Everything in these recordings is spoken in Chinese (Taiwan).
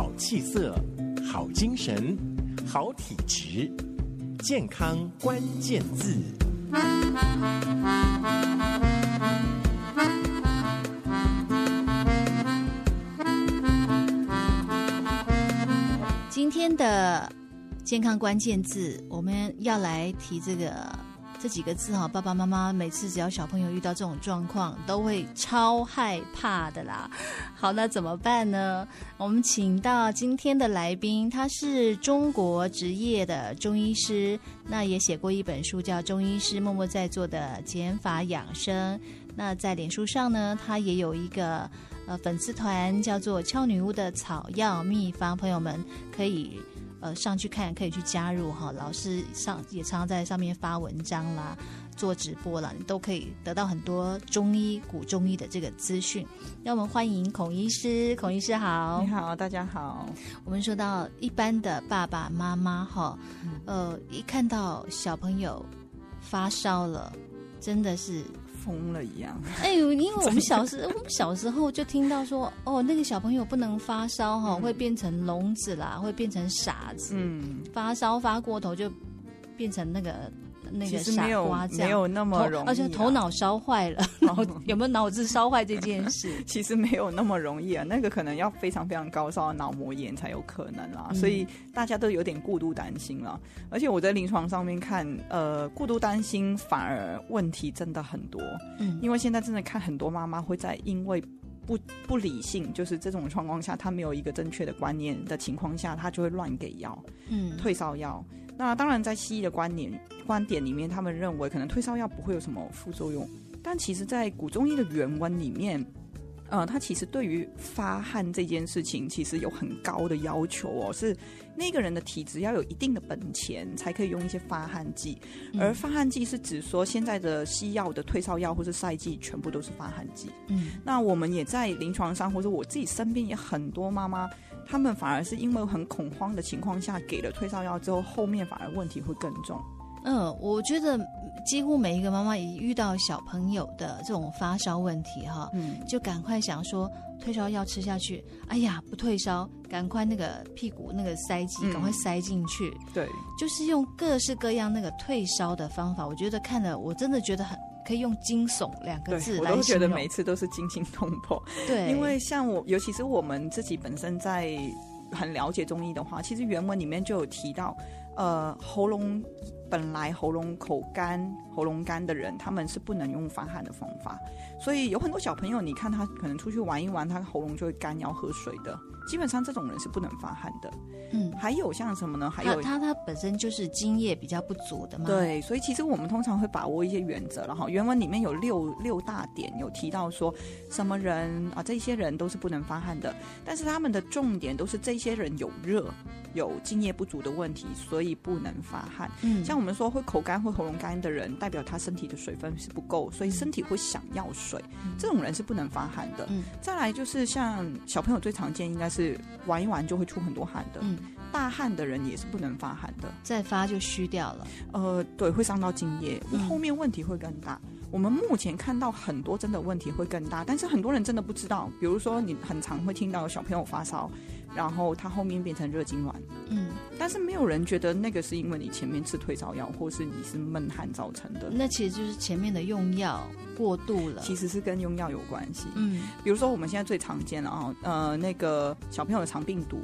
好氣色，好精神，好體質，健康關鍵字。今天的健康關鍵字，我們要來提這個。這幾個字哈，爸爸媽媽每次只要小朋友遇到這種狀況，都會超害怕的啦。好，那怎麼辦呢？我們請到今天的來賓，他是中國執業的中醫師，那也寫過一本書叫《中醫師默默在做的減法養生》。那在臉書上呢，他也有一個呃粉絲團，叫做“俏女巫的草藥祕方”，朋友們可以。呃，上去看可以去加入哈、哦，老師上也常常在上面發文章啦，做直播啦，你都可以得到很多中醫、古中醫的這個資訊。讓我們歡迎孔醫師。孔醫師好，你好，大家好。我們說到一般的爸爸媽媽哈，呃，一看到小朋友發燒了，真的是。瘋了一樣，哎呦，因為我們小時， 我們小時候就聽到說，哦，那個小朋友不能發燒哈、哦嗯，會變成聾子啦，會變成傻子，嗯，發燒發過頭就變成那個那個傻瓜，這樣沒有，沒有那麼容易，而且頭腦燒壞了。然 後有沒有腦子燒壞這件事？ 其實沒有那麼容易啊，那個可能要非常非常高燒的腦膜炎才有可能啦。嗯、所以大家都有點過度擔心了。而且我在臨床上面看，呃，過度擔心反而問題真的很多。嗯，因為現在真的看很多媽媽會在因為不不理性，就是這種狀況下，她沒有一個正確的觀念的情況下，她就會亂給藥，嗯，退燒藥。那當然，在西醫的觀點觀點裡面，他們認為可能退燒藥不會有什麼副作用。但其實，在古中醫的原文裡面，呃，他其實對於發汗這件事情，其實有很高的要求哦。是那個人的體質要有一定的本錢，才可以用一些發汗劑。而發汗劑是指說現在的西藥的退燒藥或是塞劑，全部都是發汗劑。嗯，那我們也在臨床上，或者我自己身邊也很多媽媽，他們反而是因為很恐慌的情況下，給了退燒藥之後，後面反而問題會更重。嗯，我覺得幾乎每一個媽媽一遇到小朋友的這種發燒問題，哈，嗯，就趕快想說退燒藥吃下去。哎呀，不退燒，趕快那個屁股那個塞劑、嗯、趕快塞進去。對，就是用各式各樣那個退燒的方法。我覺得看了，我真的覺得很可以用驚悚兩個字來形容。我都覺得每次都是驚心動魄。對，因為像我，尤其是我們自己本身在很了解中醫的話，其實原文裡面就有提到，呃，喉嚨。本來喉嚨口乾、喉嚨乾的人，他們是不能用發汗的方法。所以有很多小朋友，你看他可能出去玩一玩，他喉嚨就會乾，要喝水的。基本上這種人是不能發汗的。嗯，還有像什麼呢？還有他他，他本身就是津液比較不足的嘛。對，所以其實我們通常會把握一些原則，然後原文裡面有六六大點，有提到說什麼人啊，這些人都是不能發汗的。但是他們的重點都是這些人有熱，有津液不足的問題，所以不能發汗。嗯，像我們說會口乾、會喉嚨乾的人，代表他身體的水分是不夠，所以身體會想要水，嗯。這種人是不能發汗的。嗯，再來就是像小朋友最常見，應該是玩一玩就會出很多汗的。嗯，大汗的人也是不能發汗的，再發就虛掉了。呃，對，會傷到津液，後面問題會更大。嗯我們目前看到很多真的問題會更大，但是很多人真的不知道。比如說，你很常會聽到有小朋友發燒，然後他後面變成熱痙攣，嗯，但是沒有人覺得那個是因為你前面吃退燒藥，或是你是悶汗造成的。那其實就是前面的用藥過度了，其實是跟用藥有關係。嗯，比如說我們現在最常見的啊，哦，呃，那個小朋友的腸病毒。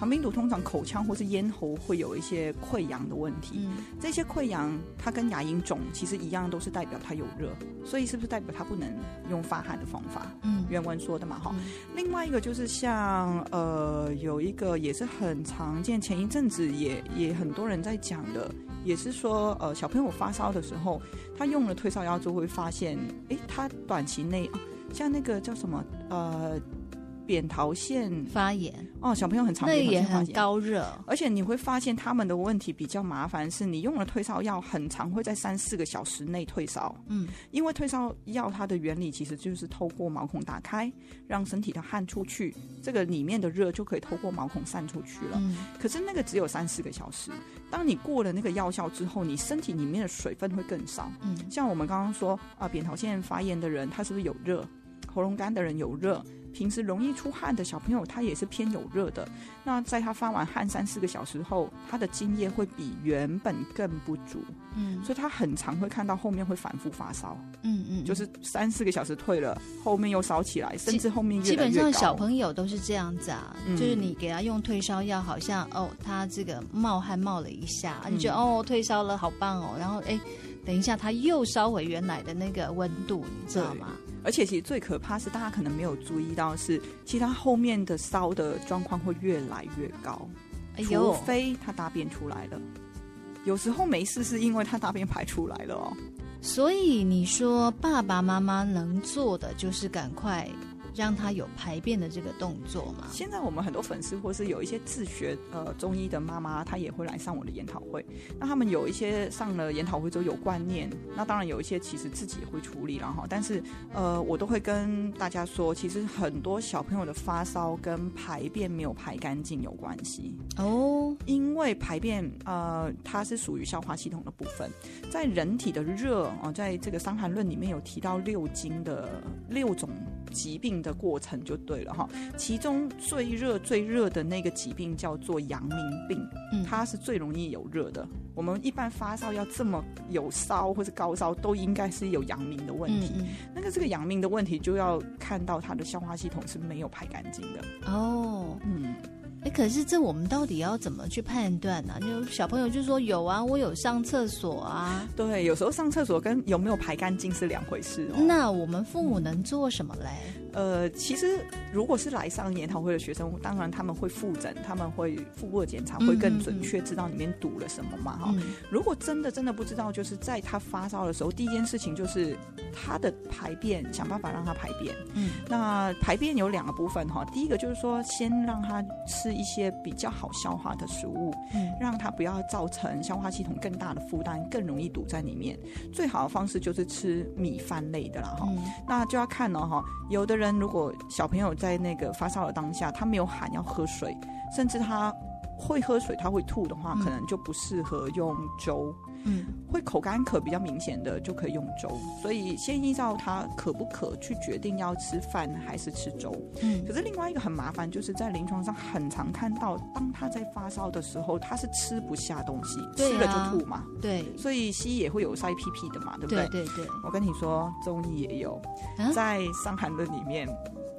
腸病毒通常口腔或是咽喉會有一些潰瘍的問題，嗯、這些潰瘍它跟牙齦腫其實一樣，都是代表它有熱，所以是不是代表它不能用發汗的方法？嗯，原文說的嘛哈、嗯。另外一個就是像呃，有一個也是很常見，前一陣子也也很多人在講的，也是說呃，小朋友發燒的時候，他用了退燒藥就會發現，誒，他短期內啊，像那個叫什麼呃。扁桃腺發炎哦，小朋友很常發炎很高熱，而且你會發現他們的問題比較麻煩，是你用了退燒藥，很常會在三四個小時內退燒。嗯，因為退燒藥它的原理其實就是透過毛孔打開，讓身體的汗出去，這個裡面的熱就可以透過毛孔散出去了。嗯，可是那個只有三四個小時，當你過了那個藥效之後，你身體裡面的水分會更少。嗯，像我們剛剛說啊，扁桃腺發炎的人，他是不是有熱？喉嚨乾的人有熱？平時容易出汗的小朋友，他也是偏有熱的。那在他發完汗三四個小時後，他的津液會比原本更不足，嗯，所以他很常會看到後面會反覆發燒，嗯嗯，就是三四個小時退了，後面又燒起來，甚至後面越越。基本上小朋友都是這樣子啊，嗯、就是你給他用退燒藥，好像哦，他這個冒汗冒了一下，嗯、你覺得哦，退燒了，好棒哦，然後哎、欸，等一下他又燒回原來的那個溫度，你知道嗎？而且其實最可怕是，大家可能沒有注意到是，其實他後面的燒的狀況會越來越高，哎，除非他大便出來了。有時候沒事是因為他大便排出來了哦。所以你說爸爸媽媽能做的就是趕快。讓他有排便的這個動作嘛。現在我們很多粉絲，或是有一些自學呃中醫的媽媽，她也會來上我的研討會。那他們有一些上了研討會之後有觀念，那當然有一些其實自己也會處理了哈。但是呃，我都會跟大家說，其實很多小朋友的發燒跟排便沒有排乾淨有關係哦，oh. 因為排便呃它，是屬於消化系統的部分，在人體的熱啊、呃，在這個《傷寒論》裡面有提到六經的六種疾病，的過程就對了哈，其中最熱最熱的那個疾病叫做陽明病，它是最容易有熱的。嗯。我們一般發燒要這麼有燒或者高燒，都應該是有陽明的問題。嗯嗯。那個這個陽明的問題，就要看到它的消化系統是沒有排乾淨的。哦，嗯、欸，可是這我們到底要怎麼去判斷呢，啊？就小朋友就說有啊，我有上廁所啊。對，有時候上廁所跟有沒有排乾淨是兩回事哦。那我們父母能做什麼嘞？嗯呃，其實如果是來上研討會的學生，當然他們會復診，他們會腹部檢查會更準確，知道裡面堵了什麼嘛哈、嗯嗯嗯。如果真的真的不知道，就是在他發燒的時候，第一件事情就是他的排便，想辦法讓他排便。嗯，那排便有兩個部分哈，第一個就是說，先讓他吃一些比較好消化的食物，嗯，讓他不要造成消化系統更大的負擔，更容易堵在裡面。最好的方式就是吃米飯類的啦哈、嗯。那就要看了。哈，有的人。如果小朋友在那個發燒的當下，他沒有喊要喝水，甚至他。會喝水，他會吐的話，可能就不適合用粥。嗯，會口乾渴比較明顯的就可以用粥。所以先依照他渴不渴去決定要吃飯還是吃粥。嗯，可是另外一個很麻煩，就是在臨床上很常看到，當他在發燒的時候，他是吃不下東西，啊、吃了就吐嘛。對，所以西醫也會有塞屁屁的嘛，對不對？對對，對，我跟你說，中醫也有，啊、在傷寒論裡面。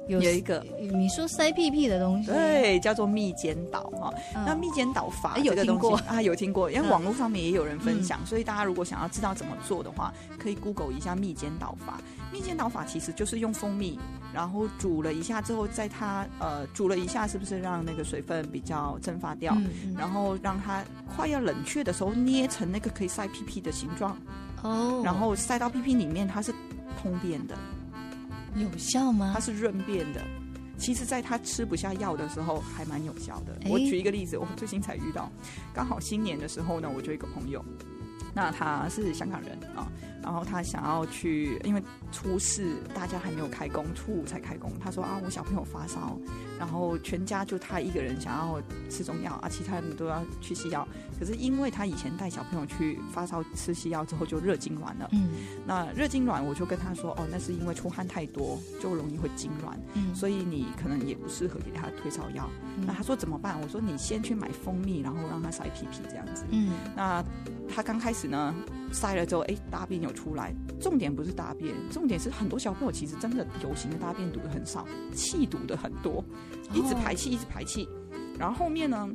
有一個有，你說塞屁屁的東西，對，叫做蜜煎導哈。那蜜煎導法東西有聽過啊？有聽過，因為網絡上面也有人分享、嗯，所以大家如果想要知道怎麼做的話，可以 Google 一下蜜煎導法。蜜煎導法其實就是用蜂蜜，然後煮了一下之後，在它呃煮了一下，是不是讓那個水分比較蒸發掉、嗯，然後讓它快要冷卻的時候捏成那個可以塞屁屁的形狀哦，然後塞到屁屁裡面，它是通便的。有效嗎？它是潤便的，其實，在他吃不下藥的時候，還蠻有效的、欸。我舉一個例子，我最近才遇到，剛好新年的時候呢，我就一個朋友，那他是香港人啊。哦然後他想要去，因為初四大家還沒有開工，初五才開工。他說啊，我小朋友發燒，然後全家就他一個人想要吃中藥，啊，其他人都要去西藥。可是因為他以前帶小朋友去發燒吃西藥之後就熱痙攣了。嗯。那熱痙攣，我就跟他說哦，那是因為出汗太多，就容易會痙攣。嗯。所以你可能也不適合給他退燒藥。嗯。那他說怎麼辦？我說你先去買蜂蜜，然後讓他塞屁屁這樣子。嗯。那他剛開始呢？塞了之後，哎、欸，大便有出來。重點不是大便，重點是很多小朋友其實真的有形的大便堵得很少，氣堵得很多，一直排氣，一直排氣、哦。然後後面呢，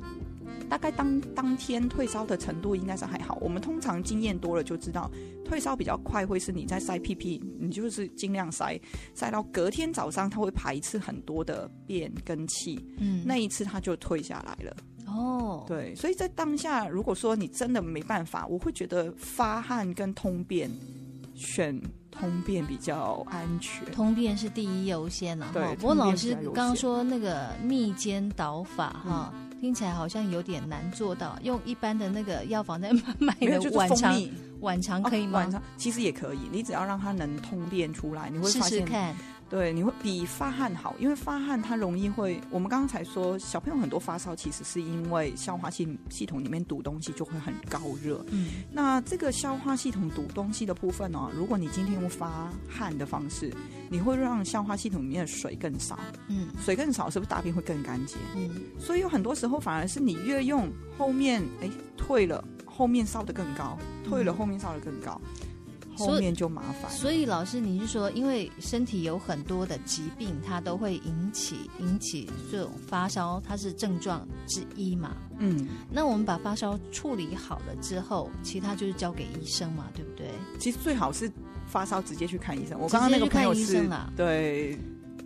大概當當天退燒的程度應該是還好。我們通常經驗多了就知道，退燒比較快會是你在塞屁屁，你就是儘量塞，塞到隔天早上他會排一次很多的便跟氣，嗯，那一次他就退下來了。對，所以在當下，如果說你真的沒辦法，我會覺得發汗跟通便，選通便比較安全。通便是第一優先呢、啊。對。不過老師剛剛說那個蜜煎導法哈、嗯，聽起來好像有點難做到，用一般的那個藥房在買的碗茶。就是 晚上可以嗎？哦，晚上其實也可以，你只要讓它能通便出來，你會發現試試看，對，你會比發汗好，因為發汗它容易會，我們剛才說小朋友很多發燒，其實是因為消化系系統裡面堵東西就會很高熱，嗯，那這個消化系統堵東西的部分呢，哦，如果你今天用發汗的方式，你會讓消化系統裡面的水更少，嗯，水更少是不是大便會更乾淨？嗯，所以有很多時候反而是你越用後面哎，欸，退了。後面燒得更高，退了後面燒得更高，嗯，後面就麻煩。所以老師，你是說，因為身體有很多的疾病，它都會引起引起這種發燒，它是症狀之一嘛？嗯，那我們把發燒處理好了之後，其他就是交給醫生嘛，對不對？其實最好是發燒直接去看醫生，我剛剛那個朋友是，對。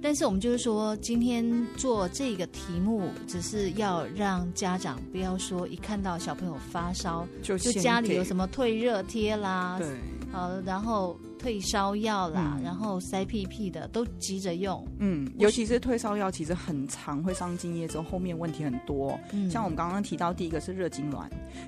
但是我們就是說，今天做這個題目，只是要讓家長不要說一看到小朋友發燒，就家裡有什麼退熱貼啦，對，呃、啊，然後。退燒藥啦、嗯，然後塞屁屁的都急着用。嗯，尤其是退燒藥，其實很常，會傷津液，之後後面問題很多、嗯。像我們剛剛提到，第一個是熱痙攣，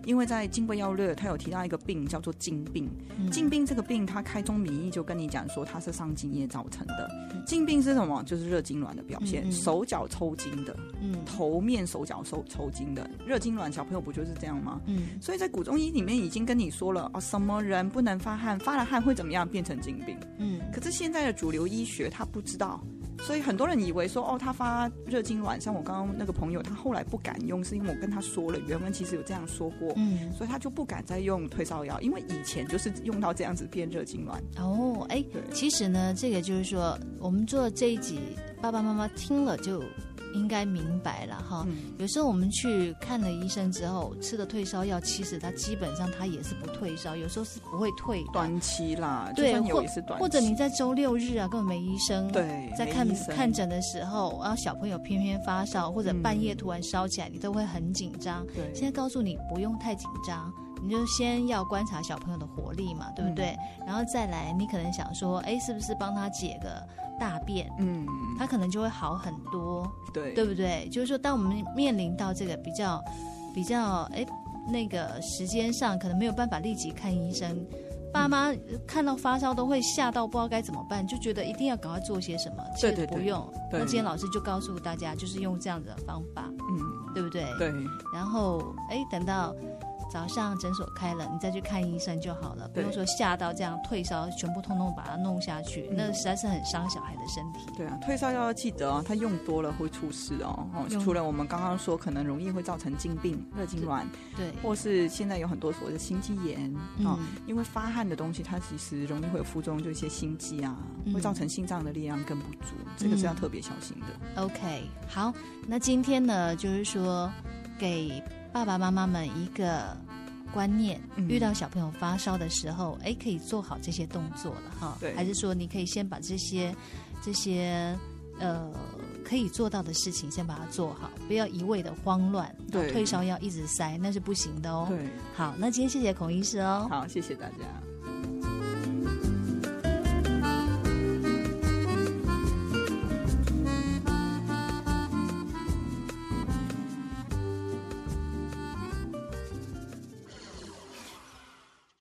因為在《金匱要略》他有提到一個病叫做“痙病”嗯。痙病這個病，他開宗明義就跟你講說，它是傷津液造成的。痙、嗯、病是什麼？就是熱痙攣的表現、嗯嗯，手腳抽筋的，嗯，頭面、手腳、手抽筋的。熱痙攣小朋友不就是這樣嗎？嗯，所以在古中醫裡面已經跟你說了，哦，什麼人不能發汗，發了汗會怎麼樣變？神經病，嗯，可是現在的主流醫學他不知道，所以很多人以為說哦，他發熱痙攣，像我剛剛那個朋友，他後來不敢用，是因為我跟他說了原文其實有這樣說過，嗯，所以他就不敢再用退燒藥，因為以前就是用到這樣子變熱痙攣。哦，哎對，其實呢，這個就是說，我們做這一集，爸爸媽媽聽了就。應該明白了哈、嗯。有時候我們去看了醫生之後，吃的退燒藥，其實它基本上它也是不退燒，有時候是不會退的。短期啦，對，或者你在週六日啊，根本沒醫生。對，沒醫生。在看看診的時候，然後小朋友偏偏發燒，或者半夜突然燒起來、嗯，你都會很緊張。對。現在告訴你不用太緊張，你就先要觀察小朋友的活力嘛，對不對？嗯、然後再來，你可能想說，哎、欸，是不是幫他解個大便，嗯，他可能就會好很多，對，對不對？就是說，當我們面臨到這個比較、比較，哎，那個時間上，可能沒有辦法立即看醫生，爸媽看到發燒都會嚇到，不知道該怎麼辦，就覺得一定要趕快做些什麼。對不用，對對對，對，那今天老師就告訴大家，就是用這樣的方法，嗯，對不對？對。然後，哎，等到。早上診所開了，你再去看醫生就好了，不用說嚇到這樣退燒，全部通通把它弄下去，那實在是很傷小孩的身體對啊，退燒要記得啊、哦，它用多了會出事哦。哦，除了我們剛剛說，可能容易會造成驚病、熱痙攣，對，或是現在有很多所謂的心肌炎啊、嗯哦，因為發汗的東西，它其實容易會有副作用，就一些心肌啊，嗯、會造成心臟的力量更不足，這個是要特別小心的。嗯、OK，好，那今天呢，就是說給。爸爸媽媽們一個觀念、嗯，遇到小朋友發燒的時候，哎，可以做好這些動作了哈、哦。對，還是說你可以先把這些、這些呃可以做到的事情先把它做好，不要一味的慌亂。對，退燒藥一直塞那是不行的哦。對，好，那今天謝謝孔醫師哦。好，謝謝大家。